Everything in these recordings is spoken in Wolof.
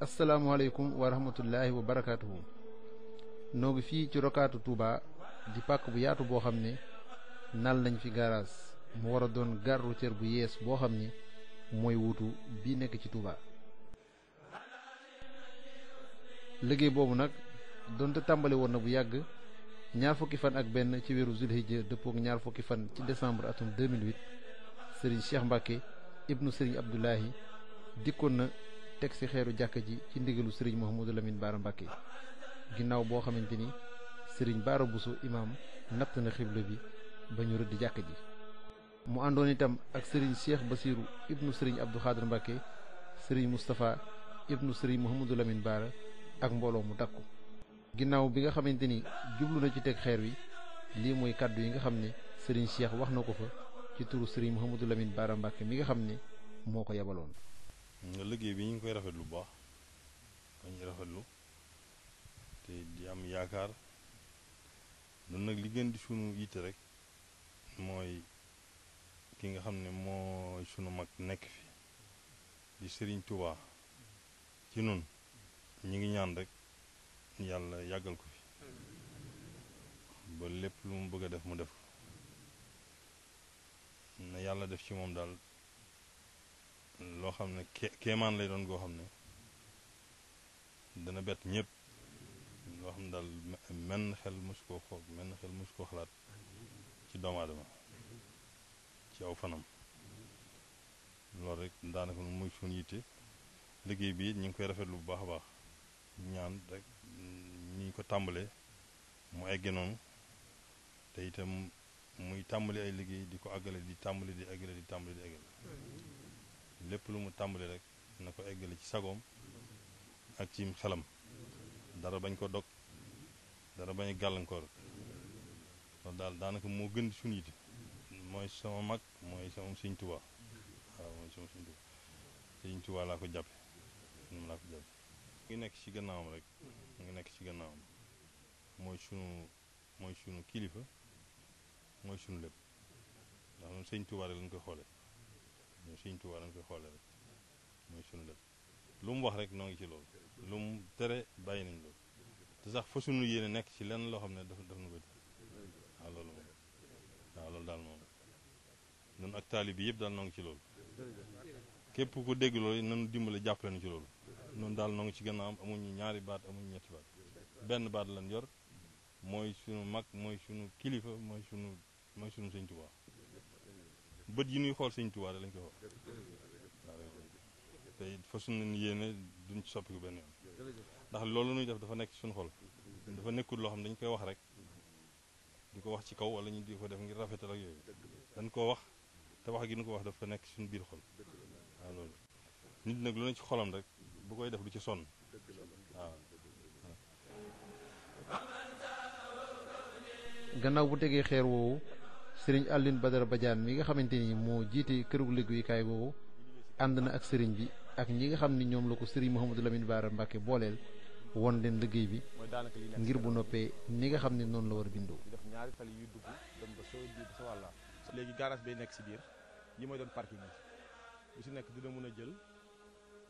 asalaamaaleykum wa rahmatullahi wa barakaatuhu noo ngi fii ci rokaatu Touba di pàkk bu yaatu boo xam ne nal nañ fi garage mu war a doon gare routière bu yees boo xam ni mooy wutu bi nekk ci Touba. liggéey boobu nag donte tàmbali woon na bu yàgg ñaar fukki fan ak benn ci weeru zulhijja dëppook ñaar fukki fan ci décembre atum 2008 Serigne Cheikh Mbacke ibnu Serigne Abdoulahi dikkoon na. teg si xeeru jàkk ji ci ndigalu sëriñ Mouhamadou Lamine Baara Mbàkke ginnaaw boo xamante ni sëriñ Baara Bousso imaam natt na xibla bi ba ñu rëdd jàkka ji mu àndoon itam ak sëriñ Cheikh Basiiru ibnu sëriñ Abdou Xaadir Mbàkke sëriñ Moustapha ibnu sëriñ Mouhamadou Lamine Baara ak mbooloo mu takku ginnaaw bi nga xamante ni jublu na ci teg xeer wi lii mooy kàddu yi nga xam ne sëriñ Cheikh wax na ko fa ci turu sëriñ Mouhamadou Lamine Baara Mbàkke mi nga xam ne moo ko yabaloon nga liggéey bi ñu ngi koy rafet lu baax dañuy rafetlu te di am yaakaar nun nag li gën di sunu yitte rek mooy ki nga xam ne mooy sunu mag nekk fi di Serigne Touba ci nun ñu ngi ñaan rek yàlla yàggal ko fi ba lépp lu mu bëgg a def mu def ko na yàlla def ci moom daal loo xam ne kéemaan lay doon goo xam ne dana bett ñëpp loo xam ne daal menn xel mos koo foog menn xel mos koo xalaat ci doomu ci aw fanam loolu rek daanaka muy suñu yitte liggéey bi ñu ngi koy rafetlu bu baax a baax ñaan rek ñi ñu ko tàmbalee mu egge noonu te itam muy tàmbali ay liggéey di ko àggale di tàmbali di àggale di tàmbali di àggale lépp lu mu tàmbali rek na ko eggale ci sagoom ak ci xelam dara bañ ko dog dara bañ gàllankoor loolu daal daanaka moo gën sunu yite mooy sama mag mooy sama sëñ Tuubaa waaw mooy sama sëñ Tuubaa laa ko jàppe moom ngi nekk ci gannaawam rek ngi nekk ci gannaawam mooy sunu mooy sunu kilifa mooy sunu lépp ndax moom sëñ Tuubaa rek lañ koy xoolee ñu Sëriñ Tuubaa lañ koy xoolee rek muy suñu lépp lu mu wax rek noo ngi ci loolu lu mu tere bàyyi nañ loolu te sax fa suñu yéene nekk ci lenn loo xam ne daf daf nu koy waaw loolu moom waaw loolu daal moom ñun ak taalib bi yëpp daal noo ngi ci loolu képp ku dégg loolu nanu dimbale jàppale ñu ci loolu noonu daal noo ngi ci gannaaw amuñu ñaari baat amuñu ñetti baat benn baat lan yor mooy sunu mag mooy sunu kilifa mooy sunu mooy sunu Sëñ Tuubaa bët yi ñuy xool sëñ Tuubaa lañ koy xool te it fas nañ yéene duñ ci soppiku benn yoon ndax loolu nuy def dafa nekk suñ xol dafa nekkul loo xam dañ koy wax rek di ko wax ci kaw wala ñu di ko def ngir rafetal ak yooyu dañ koo wax te wax gi ñu ko wax dafa nekk suñu biir xol waaw loolu nit nag lu ne ci xolam rek bu koy def du ci sonn waaw gannaaw bu tegee xeer woowu sëriñ ba Badara Badiane mi nga xamante ni moo jiite këru kaay boobu ànd na ak sëriñ bi ak ñi nga xam ni ñoom la ko sëriñ Mouhamadou Lamine Bara Mbacke booleel won leen liggéey bi ngir bu noppee ñi nga xam ne noonu la war a bindoo. def ñaari tali yuy dugg dem ba soo ji léegi garage bay nekk si biir yi mooy doon parking yi bu si nekk dina mën a jël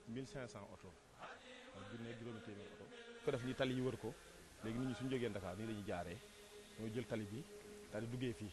1500 oto ak junne juróomi téeméer oto. ko def nii tali yi wër ko léegi nit ñi suñu jógee Dakar nii la ñuy jaaree ñoo jël tali bi daal di duggee fii.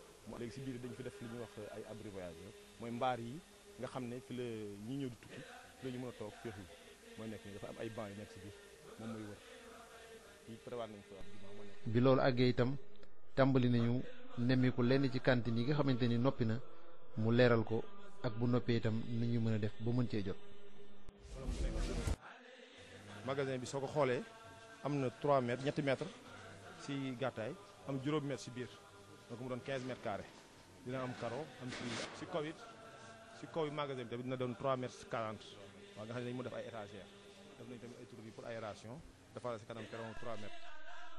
léegi si biir dañu def li ñuy wax euh, ay abri voyageur mooy mbaar yi nga xam ne fi la ñi ñëw tukki fi ñu mën toog féexlu mooy nekk dafa am ay banc yu nekk si biir moom mooy wër fii prévoir nañ bi loolu àggee itam tàmbali nañu nemmiku lenn ci cantine yi nga xamante ni noppi na mu leeral ko ak bu noppee itam ni ñu mën a def ba mën cee jot. magasin bi soo ko xoolee am na 3 mètres ñetti mètres si gàttaay am juróom mètres si biir. donc mu doon 15 mètres dina am carreau am si si kaw it si kaw yi magasin bi tamit dina doon 3 mètres 40 waaw nga xam ne dañu mu def ay étagères def nañu tamit ay tour yi pour aération defal si kanam carreau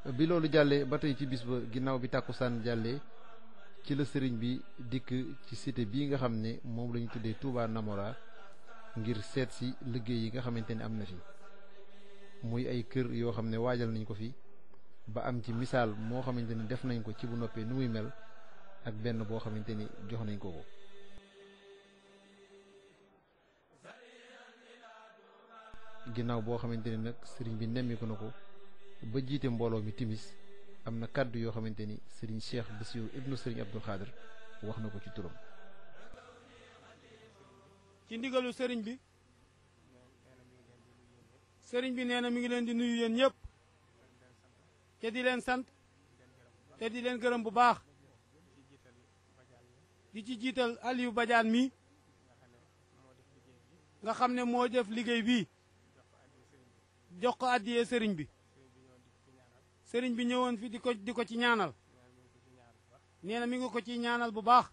3 bi loolu jàllee ba tey ci bis ba ginnaaw bi tàkku tàkkusaan jàllee ci la sëriñ bi dikk ci cité bi nga xam ne moom la tuddee Touba Namora ngir seet si liggéey yi nga xamante ni am na fi muy ay kër yoo xam ne waajal nañ ko fi. ba am ci misaal moo xamante ni def nañ ko ci bu noppee nu muy mel ak benn boo xamante ni jox nañ ko ko ginnaaw boo xamante ni nag sëriñ bi nemmiku na ko ba jiite mbooloo mi timis am na kàddu yoo xamante ni sëriñ Cheikh Bassirou ibnu sëriñ Abdul Xaadir wax na ko ci turam ci ndigalu sëriñ bi sëriñ bi nee na mu ngi leen di nuyu yéen ñëpp te di leen sant te di leen gërëm bu baax di ci jiital Aliou Badiane mi nga xam ne moo jëf liggéey bi jox ko addiyee sëriñ bi sëriñ bi ñëwoon fi di ko di ko ci ñaanal nee na mi ngi ko ci ñaanal bu baax